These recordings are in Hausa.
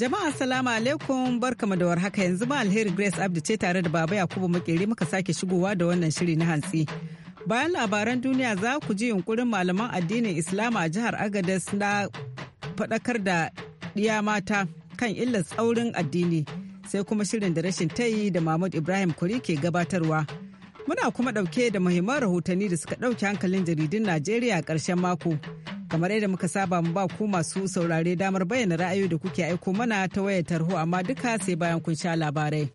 Jama'a salamu alaikum barkamu da warhaka yanzu ma alheri Grace Abdi ce tare da Baba Yakubu Makeri muka sake shigowa da wannan shiri na hantsi. Bayan labaran duniya za ku ji yunkurin malaman addinin Islam a jihar Agadez na faɗakar da ɗiya mata kan illar tsaurin addini sai kuma shirin da rashin tayi da Mahmud Ibrahim Kuri ke gabatarwa. Muna kuma ɗauke da muhimman rahotanni da suka ɗauke hankalin jaridun Najeriya a ƙarshen mako. kamar yadda muka saba mu ba ku masu saurare damar bayyana ra'ayoyi da kuke aiko mana ta wayar tarho amma duka sai bayan kun sha labarai.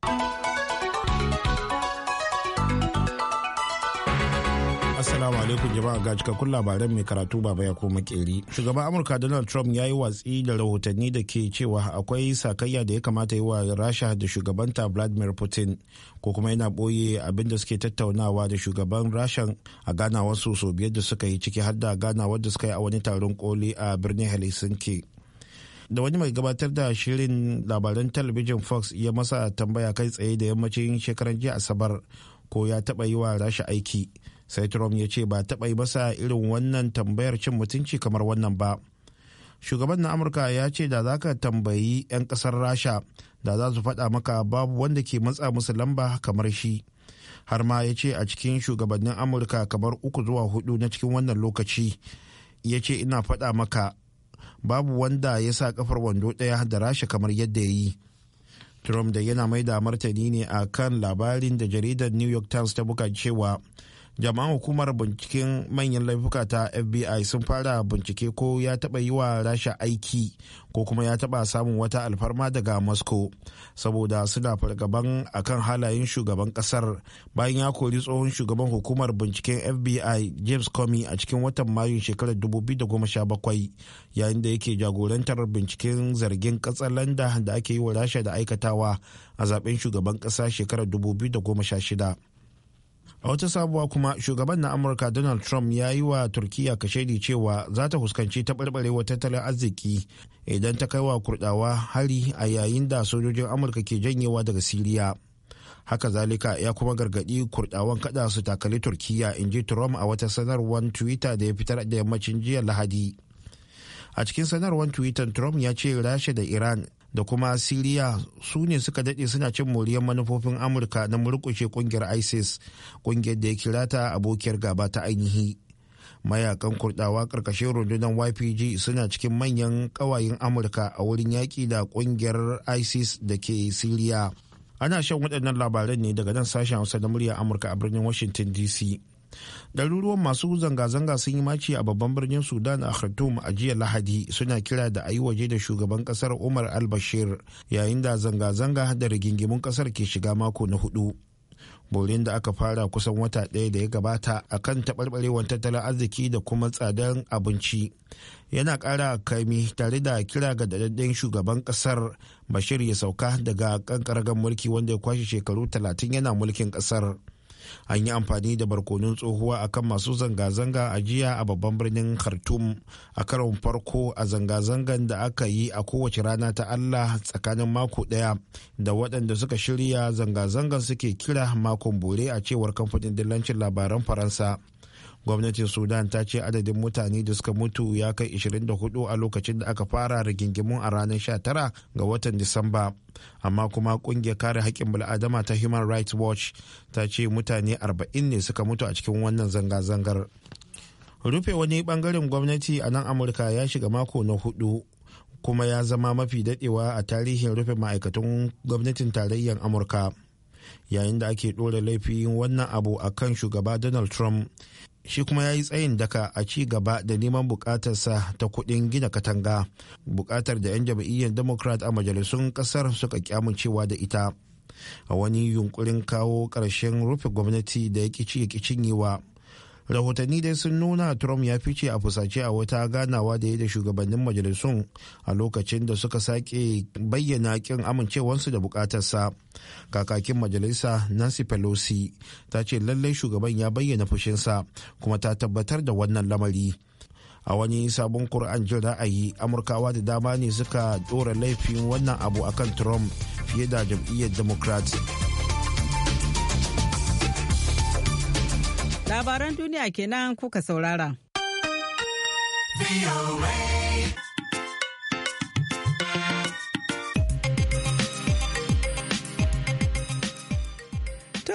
alaikum jama'a ga cikakkun labaran mai karatu baba ya koma keri. Shugaban Amurka Donald Trump ya yi watsi da rahotanni da ke cewa akwai sakayya da ya kamata yi wa Rasha da shugabanta Vladimir Putin ko kuma yana boye abinda suke tattaunawa da shugaban Rasha a wasu sau biyar da suka yi ciki har da ganawar da suka yi a wani taron koli a birnin Helsinki. da wani mai gabatar da shirin labaran talabijin fox ya masa tambaya kai tsaye da yammacin shekaran jiya asabar ko ya taba yi wa rasha aiki sai trump ya ce ba taɓa yi masa irin wannan tambayar cin mutunci kamar wannan ba shugaban na amurka ya ce da za ka tambayi 'yan ƙasar rasha da za su faɗa maka babu wanda ke matsa musu lamba kamar shi har ma ya ce a cikin shugabannin amurka kamar uku zuwa hudu na cikin wannan lokaci ya ce ina faɗa maka babu wanda ya sa kafar wando ɗaya da rasha kamar yadda ya yi trump da yana mai da martani ne a kan labarin da jaridar new york times ta buka cewa jama'an hukumar binciken manyan laifuka ta fbi sun fara bincike ko ya taba yi wa rasha aiki ko kuma ya taba samun wata alfarma daga moscow saboda suna fargaban kan halayen shugaban ƙasar bayan ya kori tsohon shugaban hukumar binciken fbi james comey a cikin watan mayun shekarar 2017 yayin da yake jagorantar binciken zargin katsalanda da ake yi wa rasha da aikatawa a zaben shugaban ƙasa shekarar 2016 a wata sabuwa kuma shugaban na amurka donald trump ya yi wa turkiya kashedi cewa za ta fuskanci taɓarɓarewar tattalin arziki idan ta kai wa kurdawa hari a yayin da sojojin amurka ke janyewa daga siriya haka zalika ya kuma gargaɗi kurdawan kada su takali turkiyya in ji trump a wata sanarwar twitter da ya fitar da yammacin jiya lahadi a cikin sanarwar twitter trump ya ce rasha da iran da kuma siriya su ne suka dade suna cin moriyar manufofin amurka na murkushe kungiyar isis kungiyar da ya kira ta abokiyar gaba ta ainihi mayakan kurdawa ƙarƙashin rundunar ypg suna cikin manyan ƙawayen amurka a wurin yaƙi da kungiyar isis da ke siriya ana shan waɗannan labaran ne daga nan sashen hausa na murya amurka a birnin washington dc ɗaruruwan masu zanga-zanga sun yi maci a babban birnin sudan a khartoum a jiya lahadi suna kira da ayi waje da shugaban kasar umar al-bashir yayin da zanga-zanga da rigingimun kasar ke shiga mako na hudu borin da aka fara kusan wata ɗaya da ya gabata a kan taɓarɓarewar tattalin arziki da kuma tsadar abinci yana ƙara kaimi tare da kira ga daɗaɗɗen shugaban ƙasar bashir ya sauka daga ƙanƙargan mulki wanda ya kwashe shekaru talatin yana mulkin ƙasar an yi amfani da barkonon tsohuwa akan masu zanga-zanga a jiya a babban birnin khartoum a karon farko a zanga-zangan da aka yi a kowace rana ta allah tsakanin mako daya da waɗanda suka shirya zanga-zangan suke kira makon bore a cewar kamfanin dillancin labaran faransa gwamnatin sudan ta ce adadin mutane da suka mutu ya kai 24 a lokacin da aka fara rigingimun a ranar 19 ga watan disamba amma kuma kungiyar kare haƙƙin bil'adama ta human rights watch ta ce mutane 40 ne suka mutu a cikin wannan zanga-zangar rufe wani bangaren gwamnati a nan amurka ya shiga mako na hudu kuma ya zama mafi dadewa a tarihin rufe ma'aikatan gwamnatin tarayyar amurka yayin da ake ɗora laifin wannan abu a kan shugaba donald trump shi kuma ya yi tsayin daka a ci gaba da neman bukatarsa ta kuɗin gina katanga bukatar da 'yan jam'iyyar democrat a majalisun ƙasar suka cewa da ita a wani yunkurin kawo ƙarshen rufe gwamnati da ya ci ya cinyewa rahotanni dai sun nuna trump ya fice a fusace a wata ganawa da ya da shugabannin majalisun a lokacin da suka sake bayyana kin amincewarsu da bukatarsa kakakin majalisa nancy pelosi ta ce lallai shugaban ya bayyana fushinsa kuma ta tabbatar da wannan lamari a wani sabon kur'an jin ra'ayi amurkawa da dama ne suka dora laifin wannan abu akan trump fiye da jam'iyyar democrats Labaran duniya kenan kuka saurara.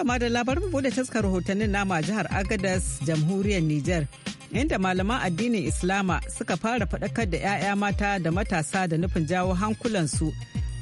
ma da labarin bude taskar rahotannin nama jihar Agadas, jamhuriyar Nijar. Inda malaman addinin Islama suka fara faɗakar da 'ya'ya mata da matasa da nufin jawo hankulansu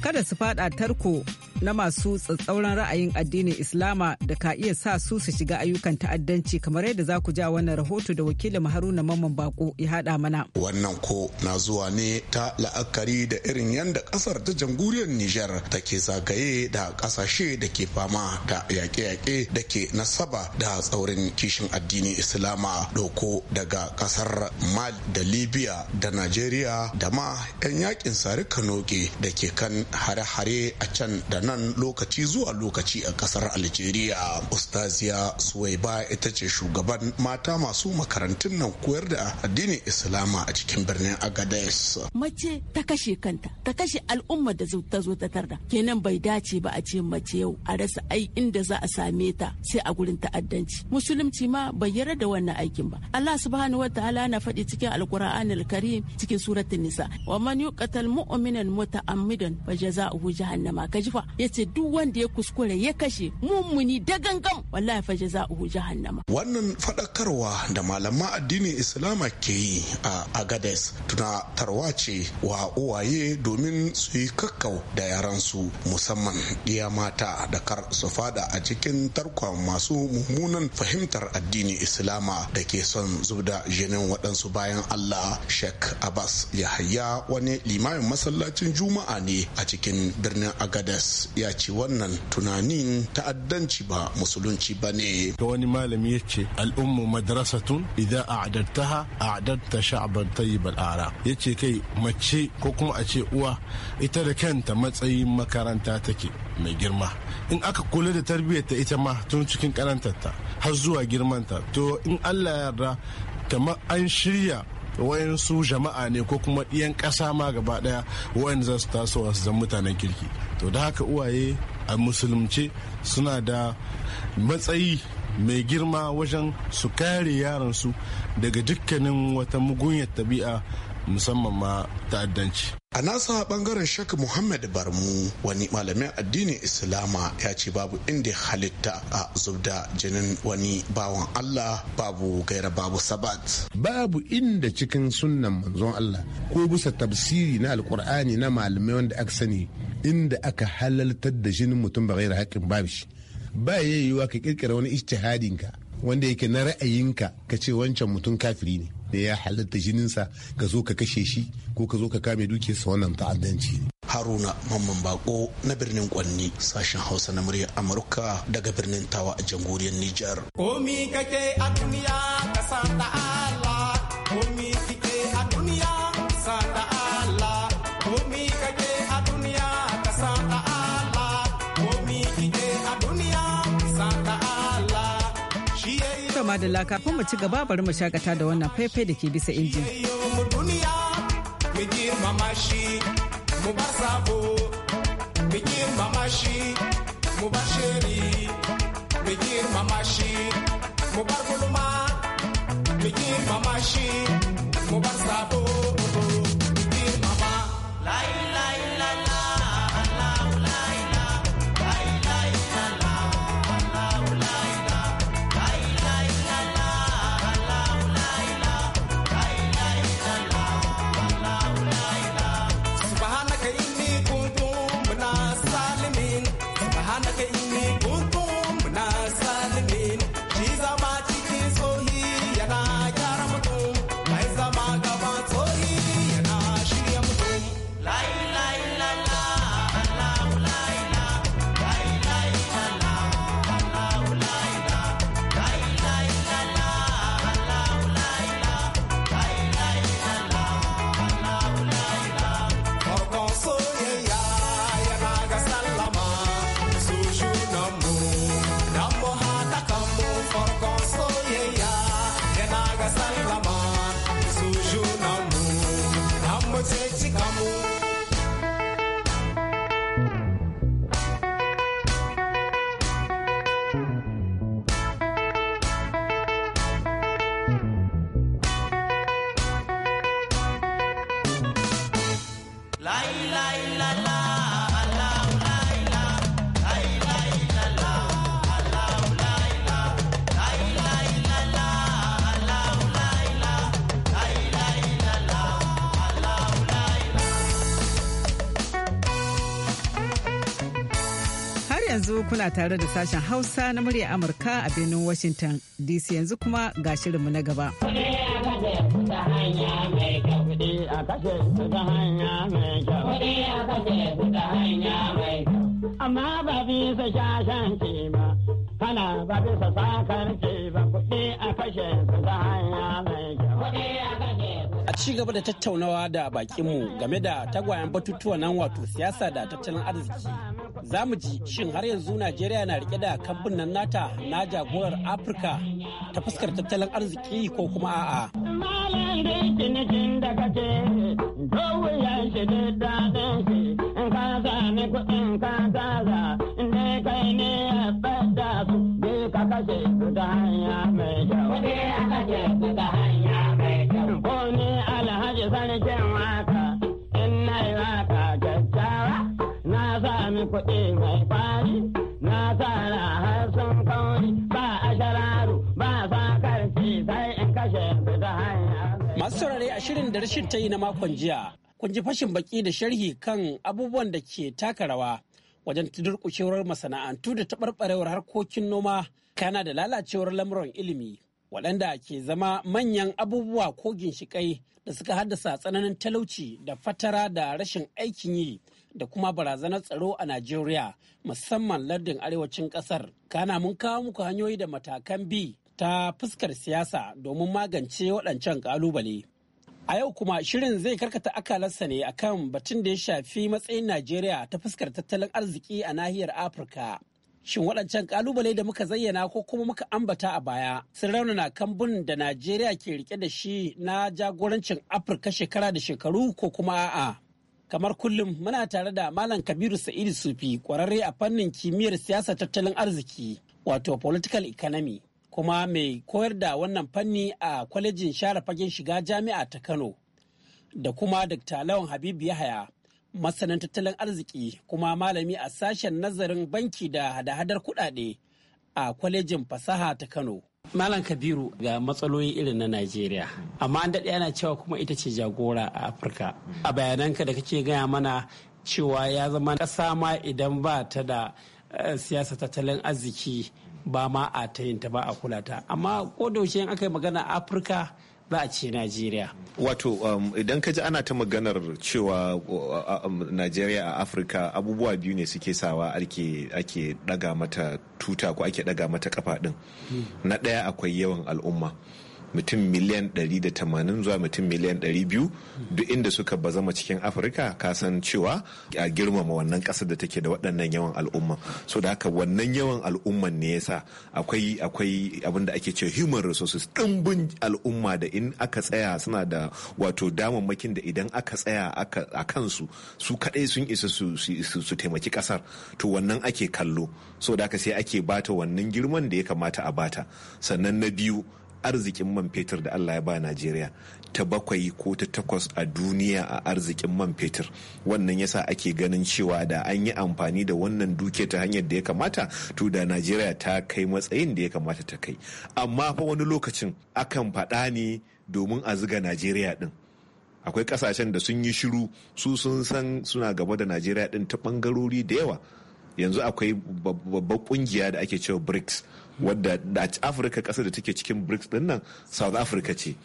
kada su fada tarko na masu tsatsauran ra'ayin addinin Islama da ka iya sa su su shiga ayyukan ta'addanci kamar yadda za ku ja wannan rahoto da wakilin Haruna Mamman Bako ya haɗa mana. Wannan ko na zuwa ne ta la'akari da irin yadda ƙasar ta jamhuriyar Nijar ke zagaye da ƙasashe da ke fama da yaƙe-yaƙe da ke nasaba da tsaurin kishin addinin Islama doko daga ƙasar Mal da Libya da Najeriya da ma 'yan yaƙin sarika Kanoke da ke kan hare-hare a can da nan lokaci zuwa lokaci a kasar algeria ustaziya suwaiba ita ce shugaban mata masu makarantun nan koyar da addinin islama a cikin birnin agadez mace ta kashe kanta ta kashe al'ummar da ta zo ta tarda kenan bai dace ba a ce mace yau a rasa ai inda za a same ta sai a gurin ta'addanci musulunci ma bai yarda da wannan aikin ba allah subhanahu ta'ala na faɗi cikin alkur'ani karim cikin suratul nisa wa man yuqatal mu'minan muta'ammidan fa jaza'uhu jahannama kajifa ya ce duk wanda ya kuskure ya kashe mummuni da gangan wallahi fa jaza'uhu jahannama wannan faɗakarwa da malaman addinin islama ke yi a agades tunatarwa ce wa uwaye domin su yi kakkau da yaransu musamman ɗiya mata da kar su fada a cikin tarkon masu mummunan fahimtar addinin islama da ke son zubda jinin waɗansu bayan allah sheikh abbas yahaya wani limamin masallacin juma'a ne a cikin birnin agades ya ce wannan tunanin ta'addanci ba musulunci ba ne. ta wani malami ya ce al'ummu madrasatun idan a'adattaha a'adatta sha'ban tayyibal ara ya ce kai mace ko kuma a ce uwa ita da kanta matsayin makaranta take mai girma in aka kula da tarbiyyar ta ita ma tun cikin karantarta har zuwa girmanta to in Allah ya yarda kamar an shirya wayansu jama'a ne ko kuma ɗiyan ƙasa ma gaba ɗaya wayan za su tasowa su zama mutanen kirki to da haka uwaye a musulunce suna da matsayi mai girma wajen su kare yaransu daga dukkanin wata mugunyar tabi'a musamman ma ta'addanci a nasa bangaren sheikh muhammad barmu wani malamin addinin islama ya ce babu inda halitta a zubda jinin wani bawan allah babu gaira babu sabat babu inda cikin sunnan manzon allah ko bisa tafsiri na alkur'ani na malamai wanda aka sani inda aka halaltar da jinin mutum ba gaira haƙin babu shi ba yayyuwa ka ƙirƙira wani ijtihadinka wanda yake na ra'ayinka ka ce wancan mutum kafiri ne da ya halatta jininsa ka zo ka kashe shi ko ka zo ka kame dukiyarsa wannan ta'addanci haruna mamman bako na birnin kwanni sashen hausa na murya amurka daga birnin tawa a jamhuriyar nijar komi kake a duniya ka sa madalla kafin mu ci gaba bari mu shakata da wannan faifai da ke bisa injin. mu bar sabo kuna tare da sashen Hausa na murya Amurka a birnin Washington DC yanzu kuma ga shirinmu na gaba. Amma ba bisa shashen ke ba, kana ba bisa sakar ke ba, kuɗi a kashe su ta hanya mai kyau. ci gaba da tattaunawa da bakinmu game da tagwayen batutuwa nan wato siyasa da tattalin arziki za mu ji shin har yanzu najeriya na rike da kambun nan nata na jagorar afirka ta fuskar tattalin arziki ko kuma a'a ka kashe su ta hanya mai kyau. Kuɗi a kashe su ta hanya mai kyau. ji sarkin waka in na yi waka kyakkyawa na sami kuɗi mai kwari na tsara har sun kauri ba a shararu ba sa karfi sai in kashe su ta hanya. Masu saurare a shirin da rashin ta yi na makon jiya. Kun ji fashin baki da sharhi kan abubuwan da ke taka rawa wajen tudurkucewar masana'antu da taɓarɓarewar harkokin noma kana da lalacewar lamuran ilimi. waɗanda ke zama manyan abubuwa ko ginshiƙai da suka haddasa tsananin talauci da fatara da rashin aikin yi da kuma barazanar tsaro a Najeriya musamman lardin arewacin ƙasar. Kana mun kawo muku hanyoyi da matakan bi ta fuskar siyasa domin magance waɗancan ƙalubale. A yau kuma shirin zai karkata akalarsa ne akan batun da ya shafi matsayin Najeriya ta fuskar tattalin arziki a nahiyar Afirka Shin waɗancan ƙalubale da muka zayyana ko kuma muka ambata a baya sun raunana kambun da Najeriya ke rike da shi na jagorancin Afirka shekara da shekaru ko kuma a'a. Kamar kullum muna tare da Malam Kabiru Sa'idu Sufi ƙwararre a fannin kimiyyar siyasa tattalin arziki wato political economy kuma mai koyar da wannan fanni a kwalejin share fagen shiga jami'a ta Kano da kuma Dr. Lawan Habibu Yahaya masanin tattalin arziki kuma malami a sashen nazarin banki da hada-hadar kuɗaɗe a kwalejin fasaha ta Kano. Malam Kabiru ga matsaloli irin na Najeriya, amma an daɗe ana cewa kuma ita ce jagora a Afirka. A bayananka da kake gaya mana cewa ya zama ƙasa ma idan ba ta da eh, siyasa tattalin arziki ba ma a ta ta ba a kula ta. Amma ko aka yi magana Afirka ba a ce najeriya wato um, idan ka ji ana ta maganar cewa uh, um, najeriya a afirka abubuwa biyu ne suke sawa ake daga mata tuta ko ake daga mata kafa din hmm. na ɗaya akwai yawan al'umma mutum miliyan 180 zuwa mutum miliyan 200 duk inda suka bazama cikin afirka kasan cewa a girmama wannan kasar da take da waɗannan yawan al'umma so da haka wannan yawan al'umman ne yasa akwai akwai abin da ake ce human resources ɗimbin al'umma da in aka tsaya suna da wato damammakin da idan aka tsaya a kansu su kaɗai sun isa su taimaki kasar to wannan ake kallo so da haka sai ake bata wannan girman da ya kamata a bata sannan na biyu arzikin man fetur da Allah ya ba Najeriya ta bakwai ko ta takwas a duniya a arzikin man fetur wannan yasa ake ganin cewa da an yi amfani da wannan duke ta hanyar da ya kamata to da Najeriya ta kai matsayin da ya kamata ta kai amma fa wani lokacin akan faɗa ne domin a zuga Najeriya din akwai kasashen da sun yi shiru su sun san suna gaba da Najeriya din ta bangarori da yawa yanzu akwai babbar kungiya da ake cewa BRICS wadda da afirka kasar da take cikin brics din nan south africa ce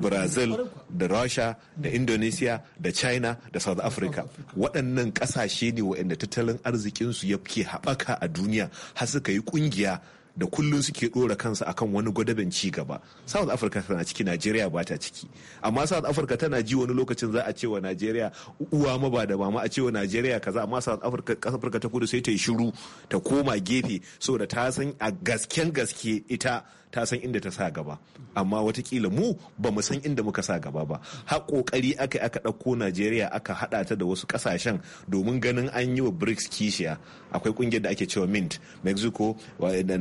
brazil da russia da indonesia da china da south africa waɗannan ƙasashe ne waɗanda tattalin arzikinsu ya ke haɓaka a duniya har suka yi ƙungiya da kullum suke dora kansa akan wani gwadaben ci gaba south africa tana ciki nigeria ba ta ciki amma south africa tana ji wani lokacin za a ce wa nigeria uwa ma ba da mama a ce wa nigeria kaza amma south africa afirka ta kudu sai ta yi shiru ta koma gefe saboda ta san a gasken gaske ita ta san inda ta sa gaba amma watakila mu ba mu san inda muka sa gaba ba har kokari aka aka ɗauko najeriya aka haɗa ta da wasu kasashen domin ganin an yi wa brics kishiya akwai ƙungiyar da ake cewa mint mexico da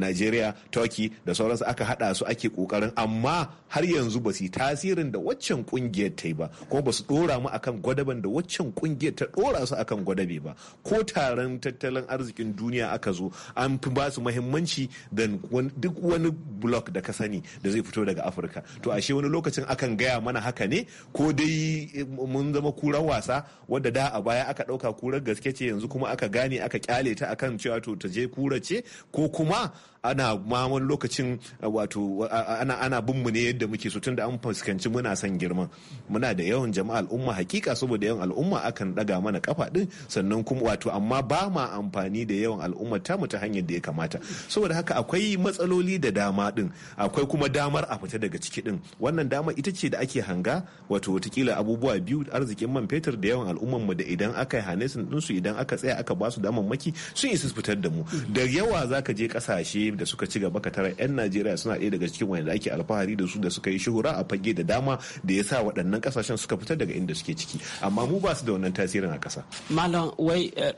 najeriya turkey da sauransu aka haɗa su ake ƙoƙarin amma har yanzu ba su yi tasirin da waccan ƙungiyar ta yi ba kuma ba su ɗora mu akan gwadaban da waccan ƙungiyar ta dora su akan gwadabe ba ko taron tattalin arzikin duniya aka zo an fi ba su muhimmanci da duk wani wani block da ka sani da zai fito daga afirka to ashe wani lokacin akan gaya mana haka ne ko dai eh, mun zama kurar wasa wadda da a baya aka ɗauka kurar gaske ce yanzu kuma aka gane aka kyale ta akan cewa to ta je kura ce ko kuma ana ma wani lokacin eh, wato ana ana bin mu ne yadda muke so da an fuskanci muna son girman muna da yawan jama'a al'umma hakika saboda yawan al'umma akan daga mana kafa din sannan kuma wato amma ba ma amfani da yawan al'umma tamu ta hanyar da ya kamata saboda haka akwai matsaloli da dama din akwai kuma damar a fita daga ciki din wannan dama ita ce da ake hanga wato watakila abubuwa biyu arzikin man fetur da yawan al'ummar mu da idan aka yi hane din su idan aka tsaya aka ba su damammaki sun isa fitar da mu da yawa zaka je kasashe da suka ci gaba ka tara yan Najeriya suna ɗaya daga cikin wanda ake alfahari da su da suka yi shuhura a fage da dama da ya sa waɗannan kasashen suka fitar daga inda suke ciki amma mu ba su da wannan tasirin a ƙasa. Malam wai eh,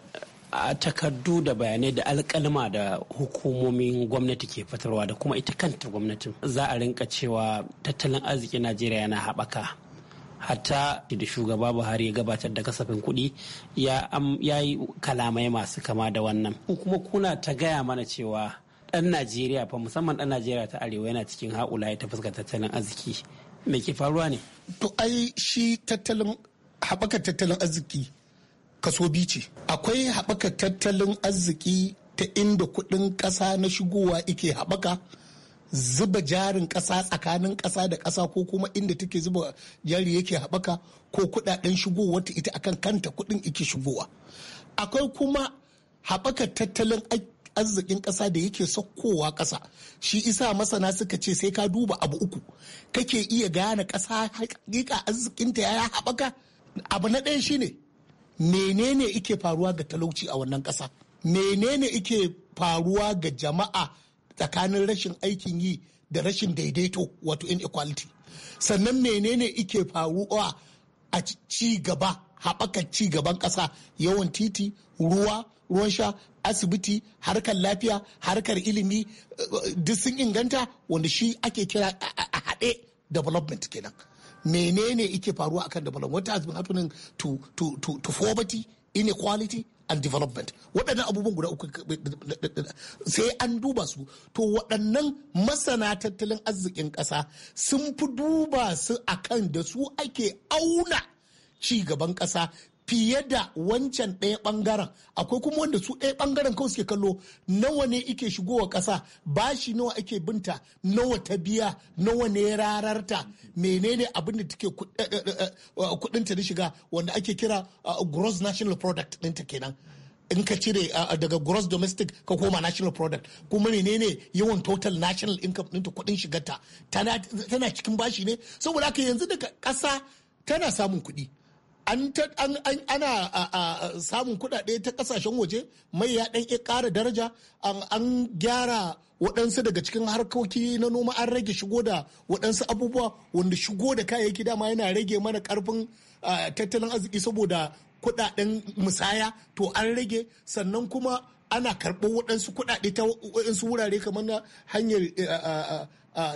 a takardu da bayanai da alkalma da hukumomin gwamnati ke fitarwa da kuma ita kanta gwamnatin za a rinka cewa tattalin arzikin najeriya yana haɓaka hatta da shugaba buhari ya gabatar da kasafin kuɗi ya yi kalamai masu kama da wannan kuma kuna ta gaya mana cewa ɗan najeriya fa musamman ɗan najeriya ta arewa yana cikin haƙula ta fuskar tattalin arziki me ke faruwa ne to ai shi tattalin haɓaka tattalin arziki kaso biyu ce akwai haɓaka tattalin arziki ta inda kuɗin ƙasa na shigowa ike haɓaka zuba jarin ƙasa tsakanin ƙasa da ƙasa ko kuma inda take zuba jari yake haɓaka ko kuɗaɗen shigowa ta ita akan kanta kuɗin ike shigowa akwai kuma haɓaka tattalin arzikin ƙasa da yake sakkowa ƙasa shi isa masana suka ce sai ka duba abu uku kake iya gane ƙasa haƙiƙa arzikinta ya haɓaka abu na ɗaya shine menene ike faruwa ga talauci a wannan ƙasa menene ike faruwa ga jama'a tsakanin rashin aikin yi da rashin daidaito wato inequality sannan menene ike faruwa a ci gaba haɓakar ci gaban ƙasa yawan titi ruwa ruwan sha asibiti harkar lafiya harkar ilimi eh, eh, duk sun inganta wanda shi ake kira a haɗe development kenan menene ike faruwa akan development what has been happening to to to, to poverty inequality and development waɗannan abubuwan guda uku sai an duba su to waɗannan masana tattalin arzikin ƙasa sun fi duba su akan da su ake auna ci gaban ƙasa fiye da wancan ɗaya ɓangaren akwai kuma wanda su ɗaya ɓangaren kawai suke kallo nawa ne ike shigowa ƙasa bashi nawa ake binta nawa ta biya nawa ne rararta menene abin da take eh, eh, eh, kuɗinta ta shiga wanda ake kira uh, gross national product ɗinta kenan in ka cire uh, uh, daga gross domestic ka koma national product kuma menene yawan total national income ɗinta kuɗin shigarta tana cikin bashi ne saboda haka yanzu daga ƙasa tana samun kuɗi an ana samun kudade ta kasashen waje mai ya ɗan kara daraja an gyara waɗansu daga cikin harkoki na noma an rage shigo da waɗansu abubuwa wanda shigo da kayayyaki dama yana rage mana karfin tattalin arziki saboda kudaden musaya to an rage sannan kuma ana karɓo waɗansu kuɗaɗe ta waɗansu wurare kamar na hanyar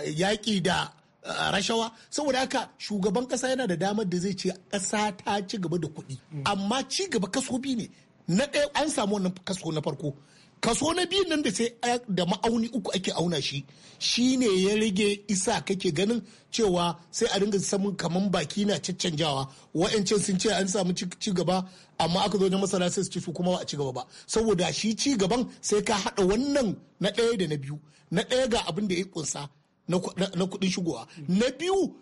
yaƙi da rashawa saboda haka shugaban kasa yana da damar da zai ce kasa ta ci gaba da kuɗi amma ci gaba kaso biyu ne na ɗaya an samu wannan kaso na farko kaso na biyu nan da sai da ma'auni uku ake auna shi shi ne ya rage isa kake ganin cewa sai a ringa samun kamar baki na caccanjawa wa'ancan sun ce an samu ci gaba amma aka zo na masana sai su ci su kuma ba a ci gaba ba saboda shi ci gaban sai ka haɗa wannan na ɗaya da na biyu na ɗaya ga abin da ya kunsa na kuɗin shigowa na biyu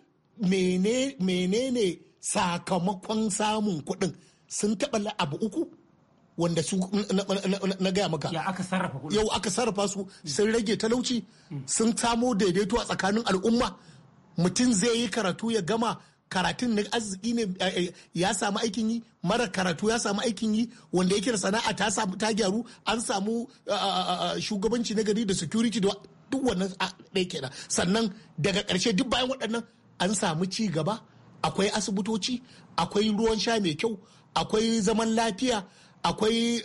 menene sakamakon samun kuɗin sun taɓa abu uku wanda su na gaya maka yau aka sarrafa su sun rage talauci sun samo daidaito a tsakanin al'umma mutum zai yi karatu ya gama karatun na arziki ne eh, eh, ya samu aikin yi mara karatu ya samu aikin yi wanda yake da sana'a ta ta gyaru an samu ah, ah, ah, shugabanci na gari da security duk wannan ɗaya kenan sannan daga ƙarshe duk bayan waɗannan an samu ci gaba akwai asibitoci akwai ruwan sha mai kyau akwai zaman lafiya akwai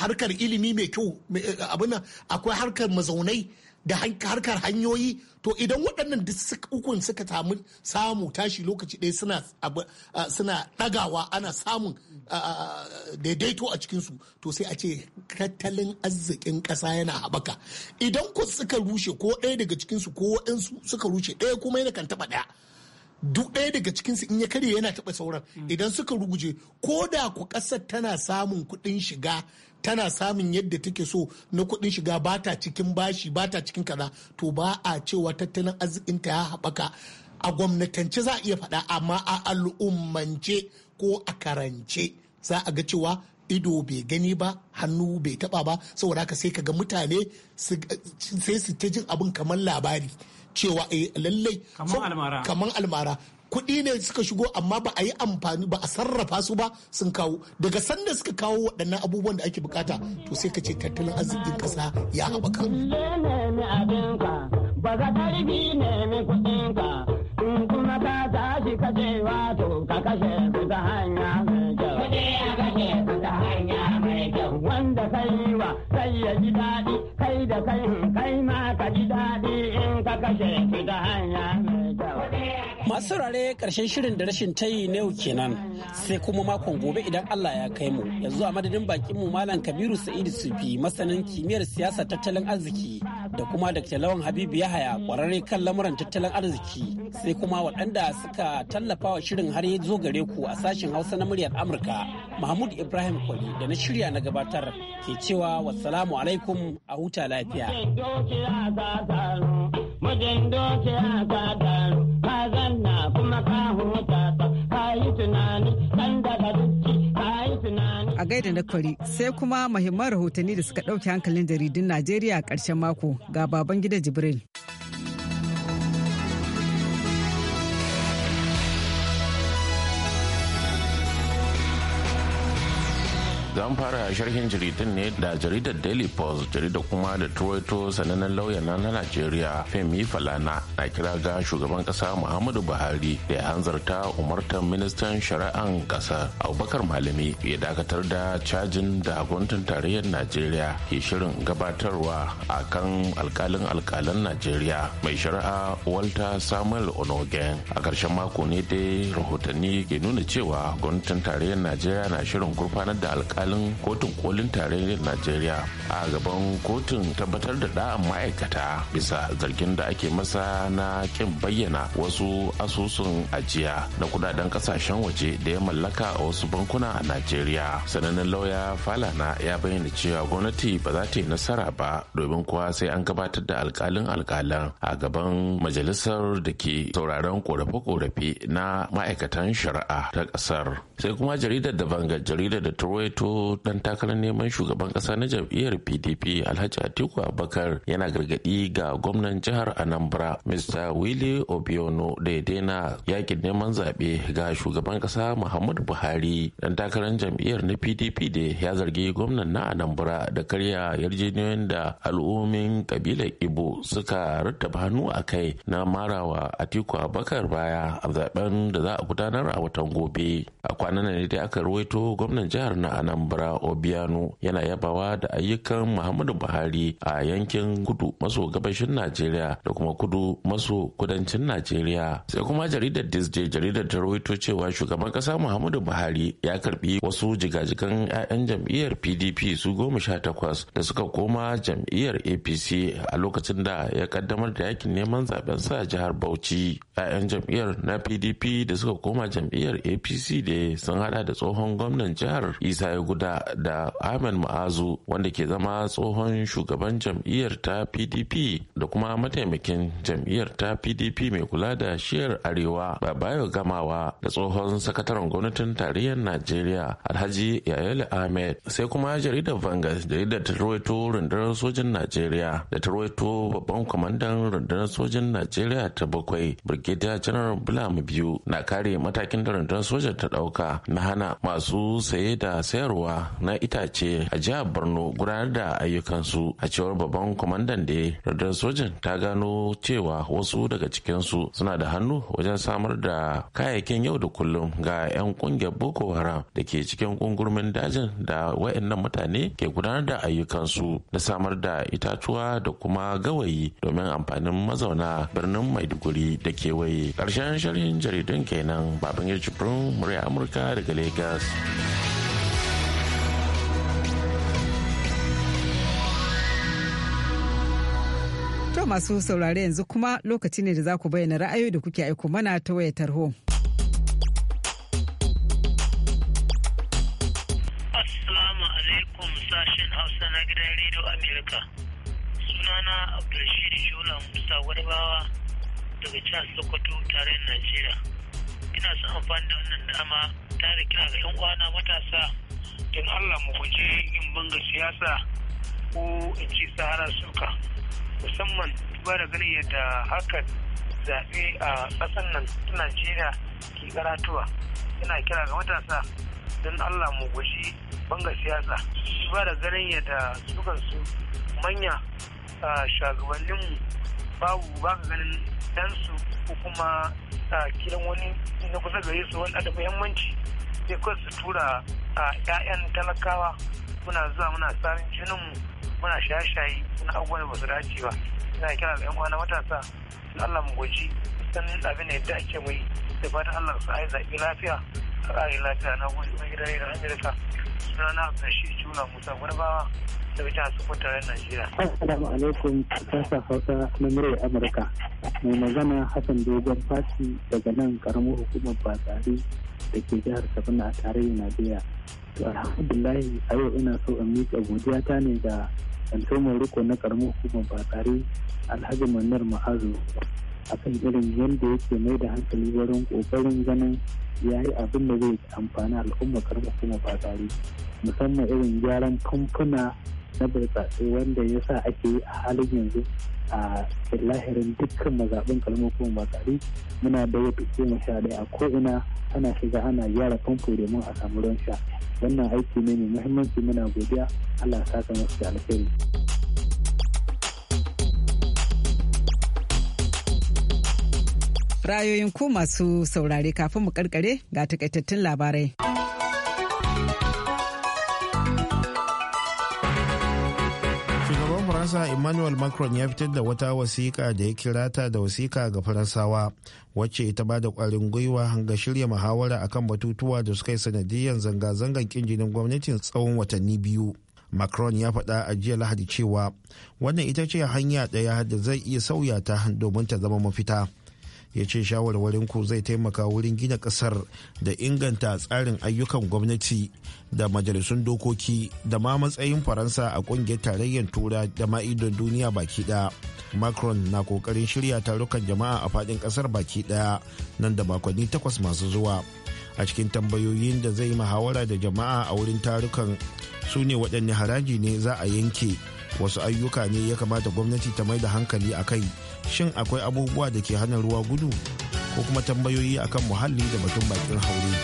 harkar ilimi mai kyau eh, abin akwai harkar mazaunai da harkar hanyoyi to idan waɗannan duk ukun suka samu samu tashi lokaci ɗaya suna suna ɗagawa ana samun daidaito a cikin su. to sai a ce tattalin arzikin ƙasa yana haɓaka idan ku suka rushe ko ɗaya daga cikin su ko waɗansu suka rushe ɗaya kuma yana kan taɓa ɗaya duk ɗaya daga cikin su in ya karya yana taɓa sauran idan suka ruguje ko da ku ƙasar tana samun kuɗin shiga tana samun yadda take so na kuɗin shiga ba ta cikin bashi ba ta cikin kaza to ba a cewa tattalin arzikinta ya haɓaka a gwamnatance za a iya faɗa amma a al'ummance ko a karance za a ga cewa ido bai gani ba hannu bai taba ba saboda haka sai ka ga mutane sai su ta jin abin kamar labari cewa eh, lallai kamar almara kuɗi ne suka shigo amma ba a yi amfani ba a sarrafa su ba sun kawo daga sanda suka kawo waɗannan abubuwan da ake bukata to sai ka ce tattalin arzikin ƙasa ya haɓaka. ba za ka ribi nemi kuɗinka in kuma ka tashi ka ce wato ka kashe su ta hanya mai kyau. kashe su ta hanya mai kyau. Wanda ka wa sai ya ji daɗi kai da kai kai ma ka ji daɗi in ka kashe su ta hanya mai kyau. Masu rare karshen shirin da rashin ta yi na yau kenan sai kuma makon gobe idan Allah ya kai mu yanzu a madadin bakin mu Malam Kabiru Sa'idu Sufi masanin kimiyyar siyasa tattalin arziki da kuma Dr. Lawan Habibu Yahaya kwararre kan lamuran tattalin arziki sai kuma waɗanda suka tallafa wa shirin har ya zo gare ku a sashen Hausa na muryar Amurka Mahmud Ibrahim Kwali da na shirya na gabatar ke cewa wassalamu alaikum a huta lafiya. mijin dokiya ka gano ka zanna kuma ka huta ka yi tunani dan daga duki ka yi tunani a gaida na kwari sai kuma mahimman rahotanni da suka ɗauke hankalin jaridun najeriya a ƙarshen mako ga baban gida jibril Zan fara sharhin jaridun ne da jaridar daily post jaridar kuma da tuwaito sanannen lauya na na najeriya femi falana na kira ga shugaban kasa muhammadu buhari da ya hanzarta umartar ministan shari'an kasa abubakar malami ya dakatar da cajin da gwamnatin tarayyar najeriya ke shirin gabatarwa a kan alkalin alkalan najeriya mai shari'a walter samuel onogen a ƙarshen mako ne dai rahotanni ke nuna cewa gwamnatin tarayyar najeriya na shirin gurfanar da alkalin alkalin kotun kolin tarayyar najeriya a gaban kotun tabbatar da da'an ma'aikata bisa zargin da ake masa na kin bayyana wasu asusun ajiya na kudaden kasashen waje da ya mallaka a wasu bankuna a najeriya sanannen lauya falana ya bayyana cewa gwamnati ba za ta yi nasara ba domin kuwa sai an gabatar da alkalin alkalan a gaban majalisar da ke sauraron korafe-korafe na ma'aikatan shari'a ta kasar sai kuma jaridar da banga jaridar da toronto dan takarar neman shugaban kasa na jam'iyyar pdp alhaji atiku Abakar, yana gargadi ga gwamnan jihar anambra mr willie obiono da ya daina yakin neman zaɓe ga shugaban kasa muhammadu buhari dan takarar jam'iyyar na pdp da ya zargi gwamnan na anambra da karya yarjejeniyoyin da al'ummin kabilar ibo suka rattaba hannu a kai na marawa atiku Abakar baya a zaben da za a gudanar a watan gobe a kwanan ne dai aka ruwaito gwamnan jihar na anambra Tumbura Obiano yana yabawa da ayyukan Muhammadu Buhari a yankin kudu maso gabashin Najeriya da kuma kudu maso kudancin Najeriya. Sai kuma jaridar Disney jaridar ta rawaito cewa shugaban kasa Muhammadu Buhari ya karbi wasu jigajigan 'ya'yan jam'iyyar PDP su goma sha takwas da suka koma jam'iyyar APC a lokacin da ya kaddamar da yakin neman zaben sa jihar Bauchi. 'Ya'yan jam'iyyar na PDP da suka koma jam'iyyar APC da sun hada da tsohon gwamnan jihar Isa guda da ahmed ma'azu wanda ke zama tsohon shugaban jam'iyyar ta pdp da kuma mataimakin jam'iyyar ta pdp mai kula da shiyar arewa babayo gamawa da tsohon sakataren gwamnatin tarayyar najeriya alhaji yayeli ahmed sai kuma jaridar vangas yadda ta ruwaito rundunar sojin najeriya da ta ruwaito babban kwamandan rundunar sojin najeriya ta bakwai brigadier general bulamu biyu na kare matakin da rundunar sojan ta dauka na hana masu saye da sayarwa ruwa na itace a jihar borno gudanar da ayyukansu a cewar babban kwamandan da radar sojin ta gano cewa wasu daga cikinsu suna da hannu wajen samar da kayayyakin yau da kullum ga 'yan kungiyar boko haram da ke cikin kungurmin dajin da wayannan mutane ke gudanar da ayyukansu da samar da itatuwa da kuma gawayi domin amfanin mazauna birnin maiduguri da kewaye ƙarshen sharhin jaridun kenan baban ya murya amurka daga lagos masu saurare yanzu kuma lokaci ne da za ku bayyana ra'ayoyi da kuke aiko mana ta wayar tarho. Assalamu alaikum sashen Hausa na gidan Radio Amerika. Sunana Abdulshir Shola Musa Warbawa daga jihar Sokoto tare da Najeriya. Ina son amfani da wannan dama ta da kira ga 'yan kwana matasa don Allah mu guje in banga siyasa ko in ci sahara suka. musamman ba da ganin yadda hakan zaɓe a ƙasar nan ta najeriya ke karatuwa yana kira ga matasa don allah mu guji banga siyasa ba da ganin yadda su manya a shagabannin babu ba ka ganin ɗansu ko kuma a kiran wani na kusa gare su wani da muhimmanci sai kawai su tura a 'ya'yan talakawa muna zuwa muna tsarin jininmu muna shaye-shaye na abubuwan da ba su dace ba ina kira da 'yan na matasa da Allah mu goji sanin abin da yadda ake mai da fatan Allah su ayi zaɓi lafiya a ƙari lafiya na gode mai gida da na sunana shi Juna Musa gurbawa da wajen su kwatarar Najeriya. Assalamu alaikum sassa Hausa na murai Amurka. Mai magana Hassan Dogon Fati daga nan karamar hukumar Batsari da ke jihar Kaduna a tarayyar Najeriya. to a yau ina so in miƙa godiyata ne ga al'ummar riko na karamin hukumar bakare alhaji manar ma'azu a kan irin yadda yake mai da hankali wurin ƙoƙarin ganin ya yi abin da zai amfani al'ummar karamin hukumar bakare musamman irin gyaran famfuna na burtsatse wanda ya sa ake yi a halin yanzu a lahirin dukkan mazaɓin kalmar kuma matsari muna da ya goma sha ɗaya a ko'ina ana shiga ana gyara famfo domin a samu ruwan sha wannan aiki ne mai muhimmanci muna godiya allah saka masu da alheri. Rayoyin ku masu saurare kafin mu karkare ga takaitattun labarai. faransa emmanuel macron ya fitar da wata wasiƙa da ya kira ta da wasiƙa ga faransawa wacce ta ba da kwarin gwiwa ga shirya muhawara akan batutuwa da suka yi sanadiyyar zanga-zangar kin jinin gwamnatin tsawon watanni biyu macron ya faɗa a jiya lahadi cewa wannan ita ce hanya ɗaya da zai iya sauya ta domin ta zama mafita ya ce shawarwarin ku zai taimaka wurin gina kasar da inganta tsarin ayyukan gwamnati da majalisun dokoki da ma matsayin faransa a kungiyar tarayyar tura da ma'idon duniya baki ɗaya macron na ƙoƙarin shirya tarukan jama'a a faɗin ƙasar baki ɗaya nan da makonni takwas masu zuwa a cikin tambayoyin da zai muhawara da jama'a a wurin tarukan su ne waɗanne haraji ne za a yanke wasu ayyuka ne ya kamata gwamnati ta mai da hankali a kai shin akwai abubuwa da ke hana ruwa gudu ko kuma tambayoyi akan muhalli da batun bakin haure.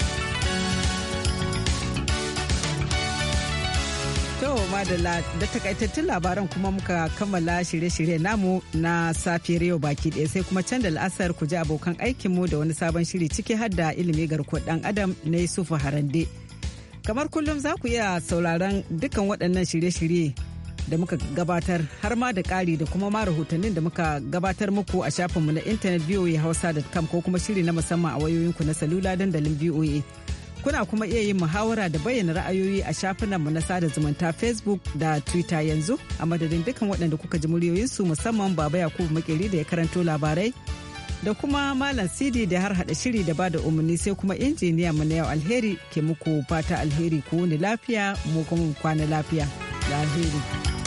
da takaitattun labaran kuma muka kammala shirye-shirye namu na safiyar yau baki ɗaya sai kuma can da la'asar ku ji abokan aikinmu da wani sabon shiri ciki har da ilimi garkuwar ɗan adam na yusufu harande kamar kullum za ku iya sauraron dukkan waɗannan shirye-shirye da muka gabatar har ma da ƙari da kuma ma rahotannin da muka gabatar muku a shafinmu na intanet da hausa.com ko kuma shiri na musamman a wayoyinku na salula dandalin voa kuna kuma iya yin muhawara da bayyana ra'ayoyi a shafinanmu na sada zumunta facebook da twitter yanzu a madadin dukkan waɗanda kuka ji muryoyinsu musamman baba yakubu makeri da ya karanto labarai da kuma malam sidi da har hada shiri da bada umarni sai kuma injiniya mu na yau alheri ke muku fata alheri ku ni lafiya mu kuma kwana lafiya. lahiri